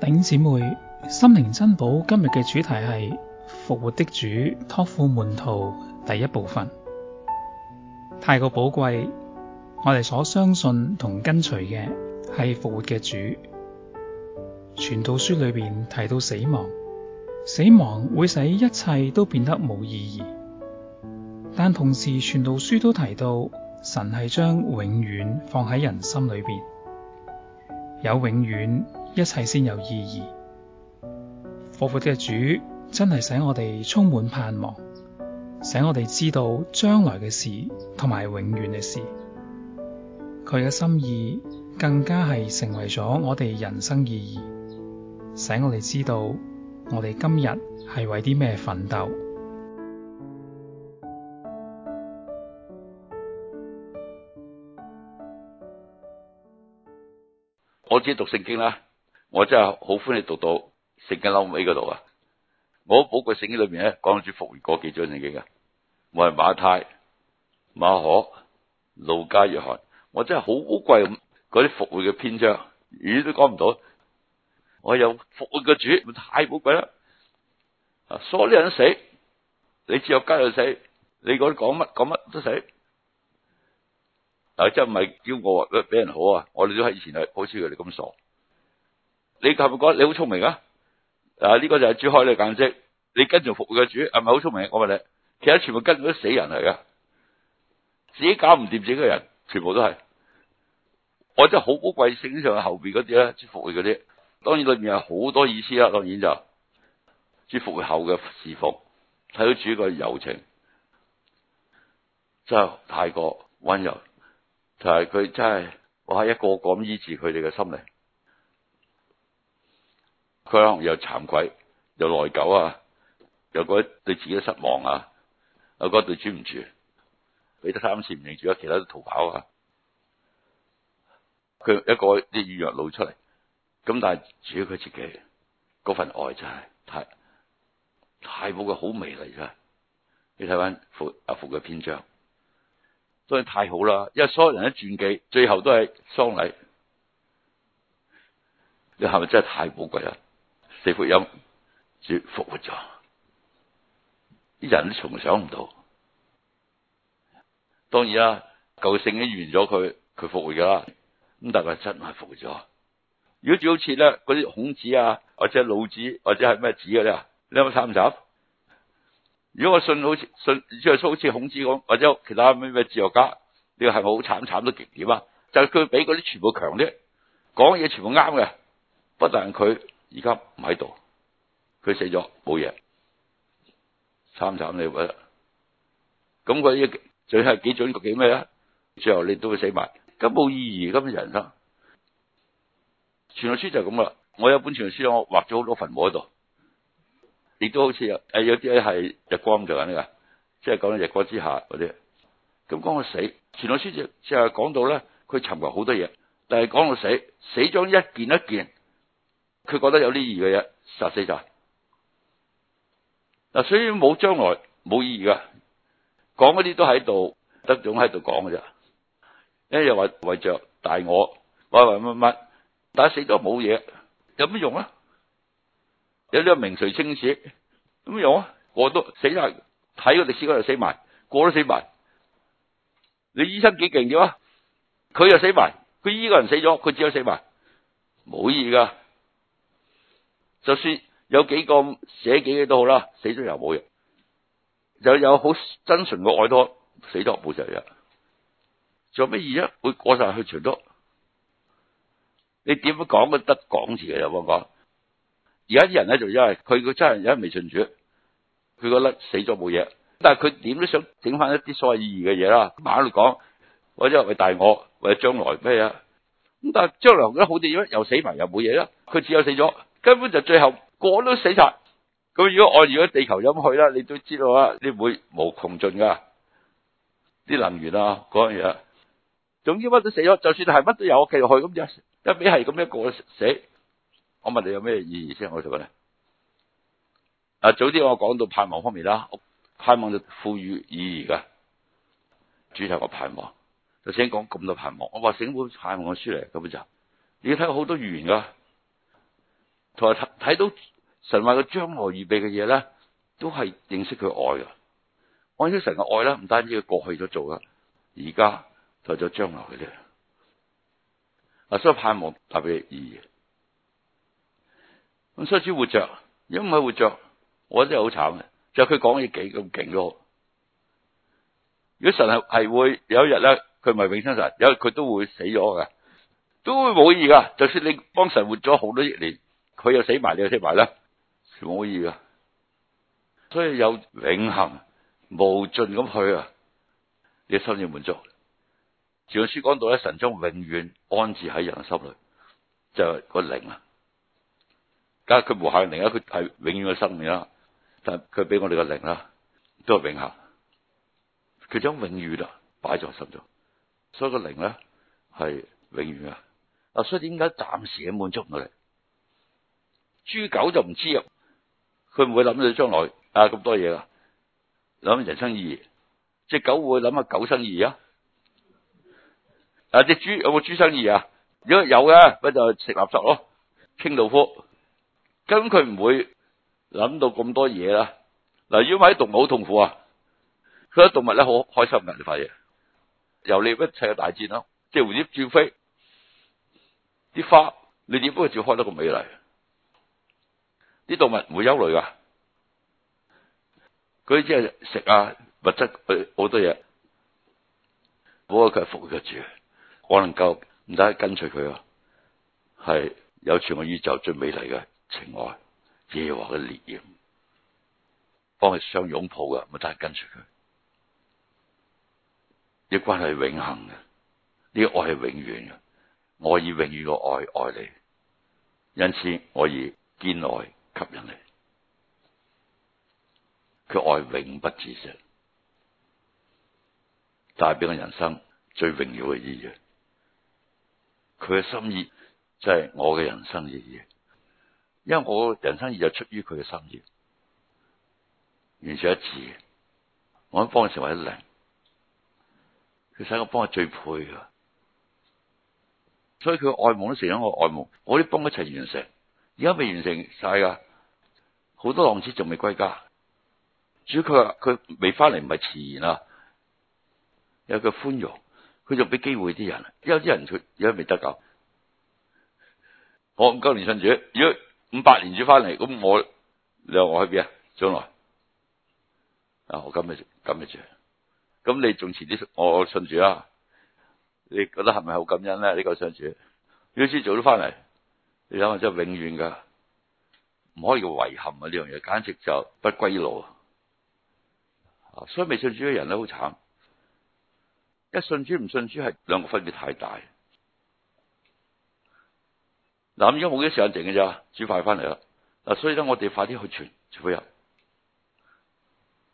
頂姊妹，心靈珍寶今日嘅主題係復活的主託付門徒。第一部分太過寶貴，我哋所相信同跟隨嘅係復活嘅主。傳道書裏邊提到死亡，死亡會使一切都變得冇意義，但同時傳道書都提到神係將永遠放喺人心裏邊，有永遠。一切先有意義。復活嘅主真係使我哋充滿盼望，使我哋知道將來嘅事同埋永遠嘅事。佢嘅心意更加係成為咗我哋人生意義，使我哋知道我哋今日係為啲咩奮鬥。我知讀聖經啦。我真係好歡喜讀到聖經嬲尾嗰度啊！我好寶貴聖經裏面咧，講住復活嗰幾章聖經啊，我係馬太、馬可、路加約翰，我真係好寶貴咁嗰啲復活嘅篇章，語都講唔到。我有復活嘅主，太寶貴啦！所有人都死，你只有家又死，你講講乜講乜都死。但係真係唔係叫我話俾人好啊！我哋都係以前係好似佢哋咁傻。你係咪覺得你好聰明啊？嗱、啊，呢、這個就係主開你眼識，你跟住服佢嘅主係咪好聰明？我問你，其實全部跟住都死人嚟嘅，自己搞唔掂自己嘅人，全部都係。我真係好寶貴聖上後邊嗰啲咧，服佢嗰啲，當然裏面有好多意思啦。當然就，主服佢後嘅侍奉，睇到主個友情，真係太過溫柔，就係、是、佢真係係一個個咁醫治佢哋嘅心靈。佢又慚愧，又內疚啊，又覺得對自己失望啊，又覺得對主唔住，彼得三次唔認主，其他都逃跑啊。佢一個啲軟弱露出嚟，咁但係主要佢自己嗰份愛就係太太寶貴好美麗啦，真係。你睇翻阿福嘅篇章，都係太好啦。因為所有人嘅傳記，最後都係喪禮，你係咪真係太寶貴啦？地復活咗，啲人都從想唔到。當然啦，舊聖經完咗佢，佢復活咗啦。咁但係真係復活咗。如果就好似咧，嗰啲孔子啊，或者老子，或者係咩子啲咧，你有冇慘唔慘？如果我信好似信，即係好似孔子講，或者其他咩咩哲學家，你、這個係咪好慘慘都極點啊？就佢、是、比嗰啲全部強啲，講嘢全部啱嘅，不但佢。而家唔喺度，佢死咗冇嘢，慘慘，慘，慘唔慘你？覺得咁佢一最係幾準個幾咩啊？最後你都會死埋，咁冇意義咁嘅人生。傳道書就咁啦，我有本傳道書，我畫咗好多墳墓喺度，亦都好似有誒，有啲係日光就緊噶，即係講喺日光之下嗰啲。咁講到死，傳道書就即係講到咧，佢尋求好多嘢，但係講到死，死咗一件一件。佢覺得有啲意義嘅啫，殺死晒嗱，所以冇將來冇意義噶，講嗰啲都喺度，德總喺度講嘅啫，一為為為着大我，喂喂乜乜，但死咗冇嘢，有咩用啊？有啲係名垂青史，有咩用啊？過多死都睇個歷史嗰度死埋，過都死埋。你醫生幾勁嘅話，佢又死埋，佢依個人死咗，佢只有死埋，冇意義噶。就算有幾個寫幾嘅都好啦，死咗又冇嘢。又有好真純嘅愛多死咗又冇就嘢，做咩意啊？會過晒去存多？你點講都得講，自己有冇講，而家啲人咧，就因為佢個真係而家未信主，佢覺得死咗冇嘢，但係佢點都想整翻一啲所謂意義嘅嘢啦。馬喺度講，或者為大我，或者將來咩啊？咁但係將來好啲嘢，又死埋又冇嘢啦。佢只有死咗。根本就最後個個都死晒，咁如果按如果地球咁去啦，你都知道啊，你會無窮盡噶啲能源啊嗰樣嘢，總之乜都死咗，就算係乜都有，我繼續去咁樣，一俾係咁樣過死，我問你有咩意義先？我就問你，啊，早啲我講到盼望方面啦，我盼望就賦予意義噶，主題個盼望，就先講咁多盼望，我話寫本盼望嘅書嚟，根本就，你睇好多預言噶。同埋睇到神話嘅將來預備嘅嘢咧，都係認識佢愛嘅，愛咗神嘅愛咧，唔單止佢過去咗做啦，而家就咗將來嘅咧、啊，所以盼望特別意義嘅咁，所以只活着，如果唔係活着，我真係好慘嘅。就係佢講嘢幾咁勁都好，如果神係係會有一日咧，佢唔係永生神，有佢都會死咗嘅，都會冇意義噶。就算你幫神活咗好多億年。佢又死埋，你又死埋咧，冇可以噶。所以有永恆無盡咁去啊，你心要滿足。《傳道書》講到咧，神將永遠安置喺人嘅心裏，就係個靈啊。但係佢無限靈啊，佢係永遠嘅生命啦。但係佢俾我哋嘅靈啦，都係永恆。佢將永遠啦擺在心中，所以個靈咧係永遠啊。啊，所以點解暫時嘅滿足唔嚟？豬狗就唔知啊，佢唔會諗到將來啊咁多嘢，噶諗人生意義，隻狗會諗下狗生意呀，啊。啊。嗱隻豬有冇豬生意呀？啊？如果有嘅，不就食垃圾咯，傾到夫。咁佢唔會諗到咁多嘢啦。嗱，啊，因為啲動物好痛苦啊，佢喺動物咧好開心嘅，啊、你塊嘢，由你一切嘅大戰囉、啊，即係蝴蝶轉飛，啲花你點解會照開得咁美麗？呢動物唔會憂慮噶，佢只係食啊物質，好多嘢，不過佢服佢住，我能夠唔得跟隨佢，係有全個宇宙最美麗嘅情愛，耶和華嘅烈焰，幫佢相擁抱㗎。唔得跟隨佢，呢關係永恆嘅，呢、這個愛係永遠嘅，我以永遠嘅愛愛你，因此我以堅愛，吸引你，佢愛永不止息，帶俾我人生最榮耀嘅意義。佢嘅心意就係我嘅人生意義，因為我的人生意義就係出於佢嘅心意，完全一致，我肯幫佢成為一靈，佢使我幫佢最配嘅，所以佢愛慕都成咗我愛慕，我啲幫佢一齊完成，而家未完成晒噶。好多浪子仲未歸家，主佢話佢未翻嚟唔係遲延啊，有佢寬容，佢就俾機會啲人。有啲人佢有家未得救，我五九年信主，如果五八年主翻嚟，咁我你話我去邊啊？將來啊，我今咪住，日住。咁你仲遲啲，我信主啦、啊。你覺得係咪好感恩咧？呢、這個信主，如果早咗翻嚟，你諗下真係永遠噶。唔可以叫遺憾啊！呢樣嘢簡直就不歸路啊！所以未信主嘅人咧，好慘，一信主唔信主係兩個分別太大了。嗱，而家冇幾多時間剩嘅咋，主快翻嚟啦！嗱，所以咧我哋快啲去傳主呀！